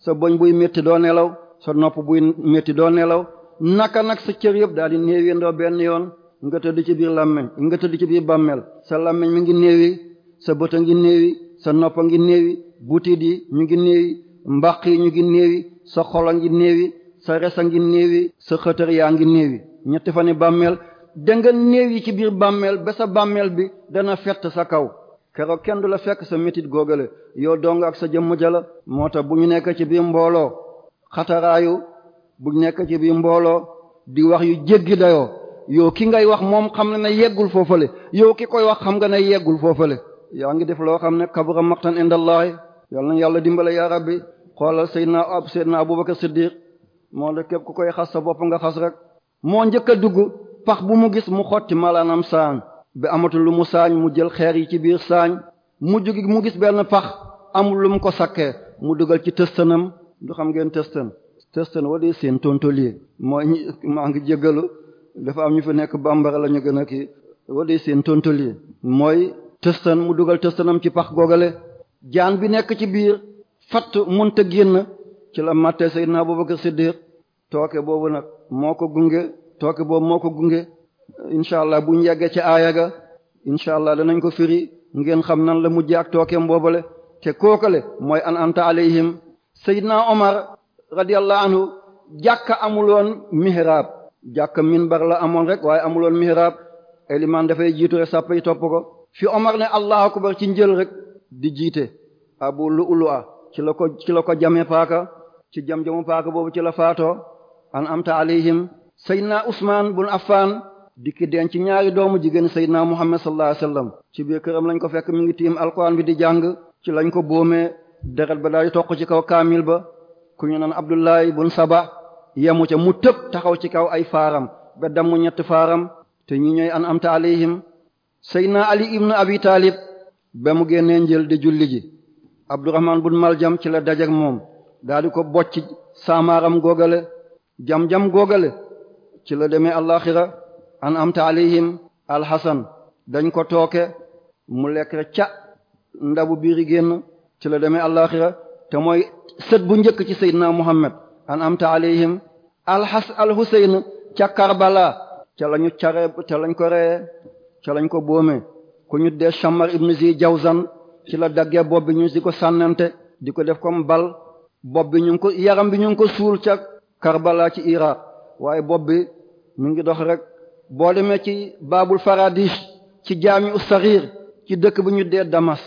sa boñ buy métti doo nelaw sa nopp buy métti doo nelaw naka nag sa cër yëpp daal di néewi ndoo benn yoon nga tëdd ci biir làmmeñ nga tëdd ci biir bàmmeel sa làmmeñ mi ngi néewi sa bët a ngi néewi sa nopp a ngi néewi butit yi ñu ngi néewi mbaq yi ñu ngi néewi sa xol a ngi néewi sa res a ngi néewi sa xëtër yaa ngi néewi ñetti fani bàmmeel dëngal néew yi ci biir bàmmeel ba sa bàmmeel bi dana fett sa kaw keroog kenn du la fekk sa métit googale yow dong ak sa jëmm jala moo tax bu ñu nekk ci biir mbooloo xataraayu bu ñu nekk ci biir mbooloo di wax yu jéggi dayoo yow ki ngay wax moom xam nga na yeggul foofale yow ki koy wax xam nga ne yeggul la yaa ngi def loo xam ne kabura maqtan indallahi yal na yàlla dimbale ya rabbi xoolal seydna ab seydna abubakar siddiq moo la képp ku koy xas sa bopp nga xas rek pax bu mu gis mu xotti malaanam saañ bi amatul lu mu saañ mu jël xeer yi ci biir saañ mu jógi mu gis benn pax amul lu mu ko sakkee mu dugal ci tëstanam du xam ngeen tëstan tëstan wa dee seen tontolier mooy maa ngi jéggalu dafa am ñu fi nekk bambara la ñu gën a kii wa dee mooy tëstan mu dugal tëstanam ci pax googale jaan bi nekk ci biir fatt mënta génn ci la màttee Seydina Abubakar Siddiq tooke boobu nag moo ko gunge tooke boobu moo ko gunge incha allah buñ yeggee ca aaya ga incha allah danañ ko firi ngeen xam nan la mujjee ak tookeem boobale te kookale mooy an anta alayhim seydina omar radiyallahu anhu jàkka amuloon mihrab jàkka minbar la amoon rek waaye amuloon mihrab eliman dafay jiitu rek sàppa yi topp ko fi omar ne allahu akbar ci njël rek di jiite abu lu'lu'a ci la ko ci la ko jame paaka ci jam jamu paaka boobu ci la faatoo an amta alayhim seydina usmaan bun affaan dikki ci ñaari doomu jigéen seydina muhammad sallallahu alayhi wasallam ci biir këram lañ ko fekk mi ngi tiim alquran bi di jàng ci lañ ko boomee deret ba daay toq ci kaw kaamil ba ku ñu naan abdullahi bun saba yemu ca mu tëb taxaw ci kaw ay faaram ba damm ñetti faaram te ñi ñooy an amta alayhim seydina ali ibnu abi taalib ba mu génnee njël di julli ji abdurahmaan bun maljam ci la dajeg moom daal ko bocc saamaaram googale jam-jam googale ci la demee alaxira an amta alayhim alxasan dañ ko tooke mu lekk ca ndabu biiri génn ci la demee alaxira te mooy sët bu njëkk ci seydina muhammad an amta alayhim alxas alxuseyn ca karbala ca lañu care ca lañ ko reyee ca lañ ko boomee ku ñu dee shammar ibn zi jawzan ci la daggee bopp bi ñu di ko sànnante di ko def comme bal bopp bi ñu ngi ko yaram bi ñu ngi ko suul ca karbala ci iraq waaye bopp bi mu ngi dox rek boo demee ci baabul faradis ci jaami ussarir ci dëkk bu ñu dee Damas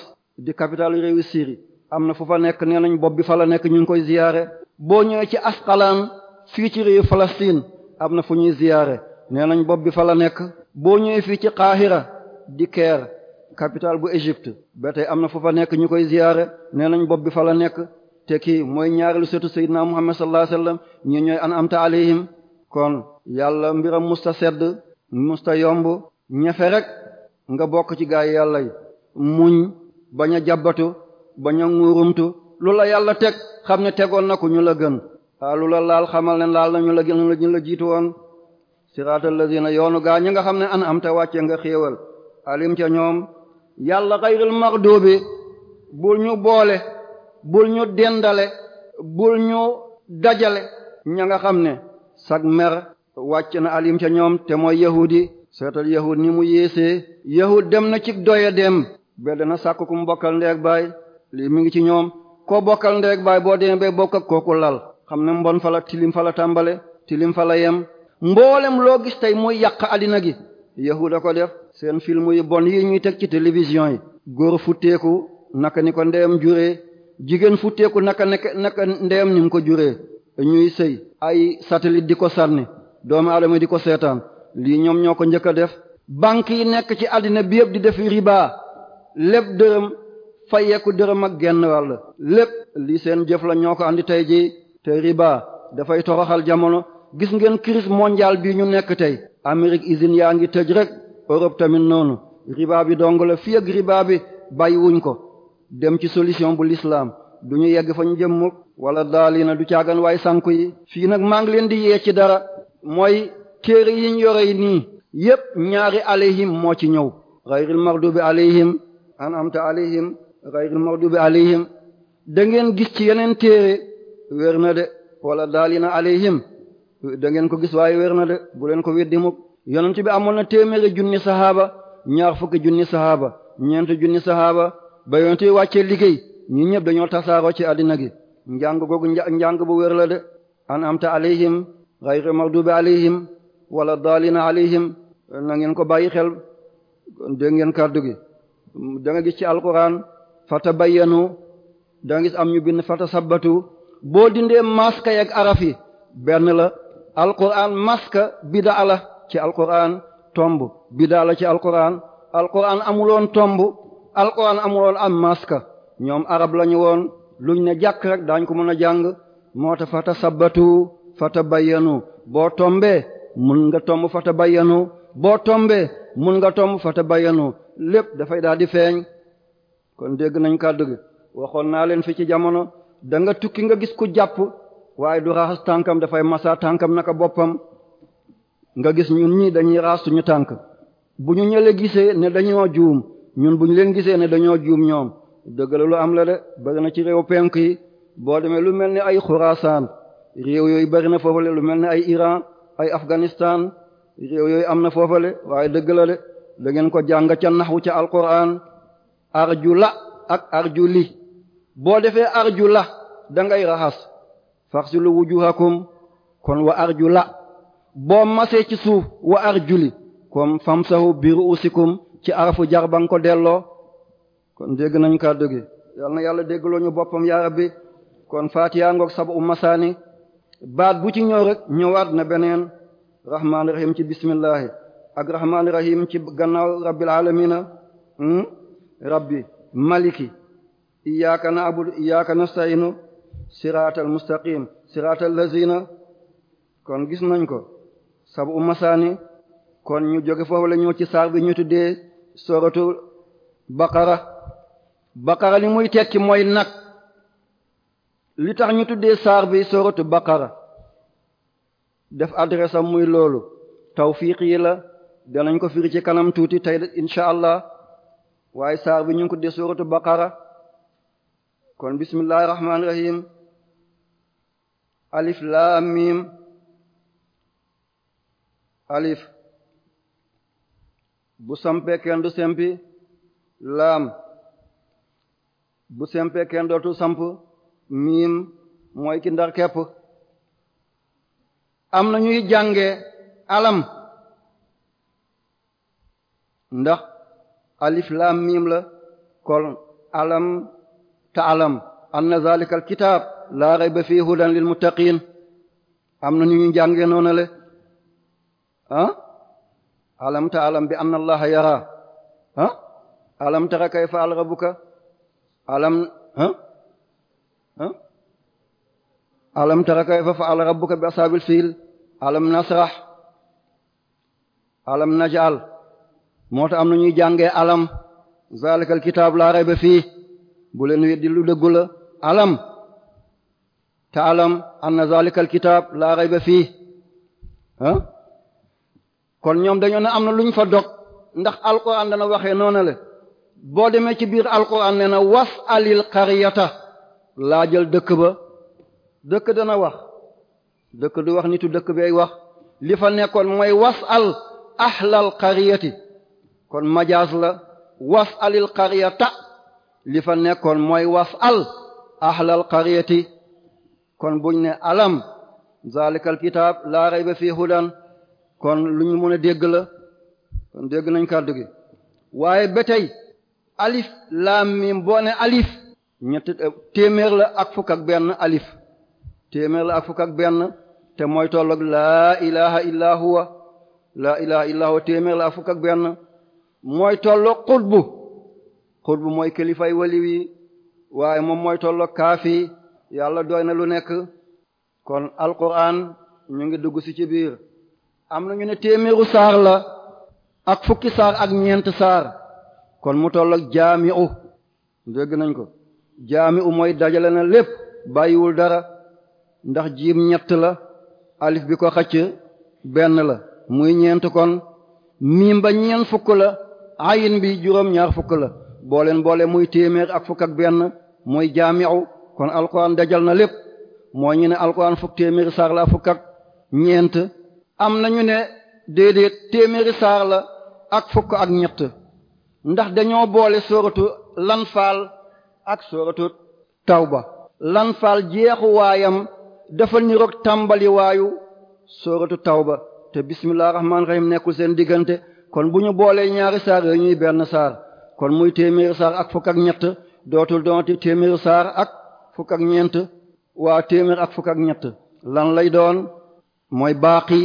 di capitale réewu Syrie am na fu fa nekk nee nañ bopp bi fa la nekk ñu ngi koy ziyaare boo ñëwee ci Asqalaan fii ci réewu Palestine am na fu ñuy ziyaare nee nañ bopp bi fa la nekk boo ñëwee fii ci Qahira di Caire capitale bu Égypte ba tey am na fu fa nekk ñu koy ziyaare nee nañ bopp bi fa la nekk te kii mooy ñaareelu setu Seydina Muhammad sallallahu alayhi wasallam ñi ñooy an amta alayhim kon yàlla mbiram musta sedd musta yomb ñefe rek nga bokk ci gaay yàlla yi muñ bañ a jàbbatu bañ a ŋuurumtu lu la yàlla teg xam ne tegoon na ko ñu la gën a lu la laal xamal ne laal na ñu la gën ñu la jiitu woon siraatal lazina yoonu gaa ñi nga xam ne an am te wàccee nga xéewal alim ca ñoom yàlla xayril maxdubi bul ñu boole bu ñu dendale bul ñu dajale ña nga xam ne sag mer wàcce na alim ca ñoom te mooy yahudi seetal yahud ni mu yéesee yahud dem na ci doya dem ba na sàkk ku mu bokkal ndeeg baay lii mi ngi ci ñoom koo bokkal ndeeg baay boo demee ba bokk ak kooku lal xam na mbon fala tilim fala tàmbale tilim fala yem mboolem loo tey muy yàq addina gi yahuda ko def seen film yi bon yi ñuy teg ci télévision yi góor futteeku naka ni ko ndeyam juree jigéen futteeku naka naka naka ndeyam ni mu ko juree ñuy sëy ay satellite di ko sànni doomu aadama di ko seetaan lii ñoom ñoo ko njëkk a def banque yi nekk ci àddina bi yëpp di def riba lépp dërëm fa fayeeku dërëm ak genn wàll lépp lii seen jëf la ñoo ko andi tey ji te riba dafay toroxal jamono gis ngeen crise mondiale bi ñu nekk tey Amérique usine yaa ngi tëj rek Europe tamit noonu riba bi dong la fii ak riba bi bàyyiwuñ ko dem ci solution bu lislaam du ñu yegg fa ñu jëm mukk wala yi na du caagan waay sànku yi fii nag maa ngi leen di yee ci dara mooy téere ñu yore yi nii yépp ñaari alayhim moo ci ñëw ghayril maghdubi alayhim an amta alayhim ghayril maghdubi alayhim da dangeen gis ci yeneen téere wér na de daal yi na alayhim da ngeen ko gis waaye wér na de bu leen ko weddi mukk yonent bi amoon na téeméeri junni sahaaba ñaar fukki junni sahaaba ñeent junni sahaaba ba yonent bi wàccee liggéey ñi ñëpp dañoo tasaaroo ci addina gi njàng googu njàng bu wér la de an amta alayhim ghayru maghdubi alayhim wala daalina na ngeen ko bàyyi xel dégg ngeen kàddu gi da gis ci alquran fata bayyanu da gis am ñu bind fata sabbatu boo dindee maska yeeg araf benn la alquran maska bidaa la ci alquran tomb bidaa la ci alquran alquran amuloon tomb alquran amuloon am maska ñoom arab lañu woon luñ ne jàkk rek daañ ko mën a jàng moo tax fata sabbatu fata bayyanu boo tombee mun nga tomb fata bayyanu boo tombee mun nga tomb fata bayyanu lépp dafay daal di feeñ kon dégg nañ kàddu gi waxoon naa leen fii ci jamono da tukki nga gis ku jàpp waaye du raxas tànkam dafay masaa tànkam naka boppam nga gis ñun ñi dañuy raxas suñu tànk bu ñu ñële gisee ne dañoo juum ñun bu ñu leen gisee ne dañoo juum ñoom dëgg la lu am la de bëri na ci réew penk yi boo demee lu mel ni ay Xuraasaan réew yooyu bari na foofale lu mel ni ay Iran ay Afghanistan réew yooyu am na foofale waaye dëgg de da ngeen ko jàng ca naxwu ca alquran arjula ak arjuli boo defee arjula da ngay raxas faxsilu wujuhakum kon wa arjula boo masee ci suuf wa ar arjuli comme famsahu bi ru'usikum ci arafu jar ba nga ko delloo kon dégg nañ kàddu gi yal na yàlla déggloo ñu boppam yaa rabbi kon fatiha ngoog sabu masaani baat bu ci ñëw rek ñëwaat na beneen rahmaani rahim ci bismillahi ak rahmaani rahim ci gannaaw rabbil alamina hmm? rabbi maliki iyyaka na'budu na nasta'inu siratal mustaqim siratal lazina kon gis nañ ko sabu masaani kon ñu jóge foofu la ñëw ci saar ñu tuddee suratul baqara baqara li muy tekki mooy nag li tax ñu tuddee saar bi sooratu baqara def adresse am muy loolu tawfiq yi la danañ ko firi ci kanam tuuti tey incha allah waaye saar bi ñu ngi ko tuddee sooratu baqara kon bismillahi rahmaani rahim alif laam miim alif bu sampee kenn du sempi laam bu sempee kenn dootu samp miim mooy ndar kepp am na ñuy jànge alam ndax alif laam miim la kon alam taalam anna zalika al kitaab laa rayba fii hudan lil muttaqiin am na ñu ñuy jànge noona le ah alam taalam bi anna allaha yara ah alam tara kayfa al rabbuka alam alam tara kayfa fa'ala rabbuka bi ashabil fiil alam nasrah alam najal moo tax am na ñuy jànge alam zalikal kitaab la rayba fii bu leen weddi lu dëggu alam te alam anna zalikal kitaab la rayba fii kon ñoom dañoo ne am na luñ fa dog ndax alquran dana waxee noona la boo demee ci biir alquran nee na was alil laa jël dëkk ba dëkk dana wax dëkk du wax nitu dëkk bi ay wax li fa nekkoon mooy was al ahlal qaryati kon majaas la was alil qaryata li fa nekkoon mooy was al ahlal qaryati kon buñ ne alam zalikal kitaab laa rayba fii hudan kon lu ñu mën a dégg la kon dégg nañ kàddu gi waaye ba alif laam miim boo alif eh, téeméer la ak fukk ak benn alif téeméer la ak fukk ak benn te mooy tolloog laa ilaha illa laa ilaha illa téeméer la ak fukk ak benn mooy tolloog xutbu xutbu mooy kilifay waliw waaye moom mooy tolloog kaafi yàlla doy na lu nekk kon alquran ñu ngi dugg si ci biir am na ñu ne téeméeru saar la ak fukki saar ak ñeent saar kon mu toll ak jaami'u dégg nañ ko jaami u moy dajale na lépp bàyyiwul dara ndax jiim ñett la alif bi ko xacc benn la muy ñeent kon miim ba ñeent fukk la ayin bi juróom ñaar fukk la booleen boole muy téeméer ak fukk ak benn mooy jaami'u kon alquran dajal na lépp moo ñu ne alquran fukk téeméeri saar la fukk ak ñeent am nañu ne déedéet téeméer saar la ak fukk ak ñett ndax dañoo boole sóoratu lanfaal ak sóoratu tawba lanfaal jeexu waayam dafa niroog tàmbali waayu sóoratu ba te bismillahir rahmanir rahim nekkul seen diggante kon bu ñu boolee ñaari saar yooyu ñuy benn saar kon muy téeméeri saar ak fukk ak ñett dootul doonati téeméeri saar ak fukk ak ñeent waa téeméer ak fukk ak ñett lan lay doon mooy baaqi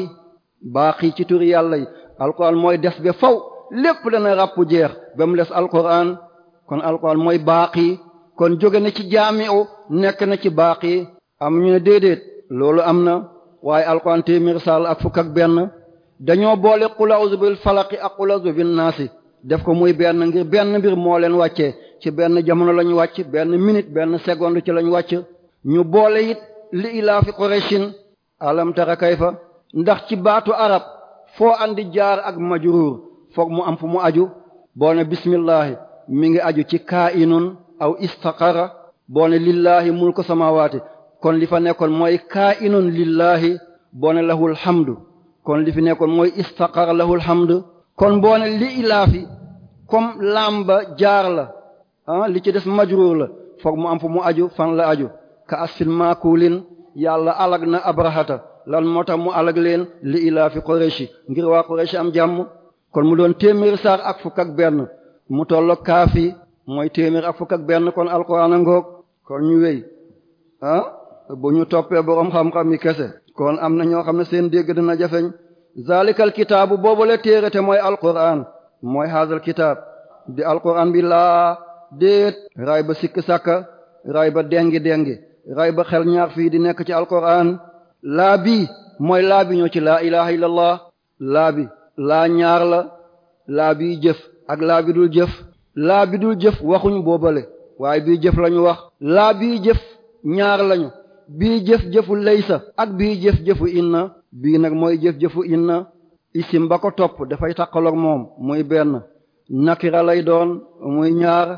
baaqi ci turi yàlla yi alquran mooy des be faw lépp dana ràpp jeex ba mu des alquran kon alquran mooy baaqi kon jóge na ci jaami'u nekk na ci baaqi am ñu ne déedéet loolu am na waaye alquran téeméer saal ak fukk ak benn dañoo boole qul a'udhu ak qul a'udhu bin naasi def ko muy benn ngir benn mbir moo leen wàccee ci benn jamono lañu wàcc benn minit benn seconde ci lañu wàcc ñu boole it li ilaafi qurayshin alam tara fa ndax ci baatu arab foo andi jaar ak majruur foog mu am fu mu aju boo ne bismillahi mi ngi aju ci kainun aw istaqara boo ne lillahi mulku samawati kon li fa nekkoon mooy kainun lillahi boo ne lahul hamdu kon li fi nekkoon mooy istaqara lahul hamdu kon boo ne li ilaafi comme lamba jaar la ah li ci des majruur foog mu am fu mu aju fan la aju ka asfin maakulin yàlla alag na abrahata lan moo tax mu alag leen li ilaafi ngir waa Quraysh am jàmm kon mu doon téeméeri saar ak fukk ak benn mu tolloog kaafi mooy téeméer ak fukk ak benn kon alquran a ngoog kon ñu wéy ah bu ñu toppee boroom xam-xam yi kese kon am na ñoo xam ne seen dégg dina jafeñ zalikal kitaabu boobale téere te mooy alquran mooy haazal kitaab di alquran bi laa déet ray ba sikk sàkka ray ba dengi dengi ray ba xel ñaar fii di nekk ci alquran laa bi mooy laa bi ñoo ci laa ilaha illallah laa bi laa ñaar la laa biy jëf ak laa bi dul jëf laa bi dul jëf waxuñu boobale waaye bii jëf lañu wax laa bii jëf ñaar lañu bii jëf-jëfu laysa ak bii jëf-jëfu inna bii nag mooy jëf-jëfu inna isim ba ko topp dafay taqaloog moom muy benn nakira lay doon muy ñaar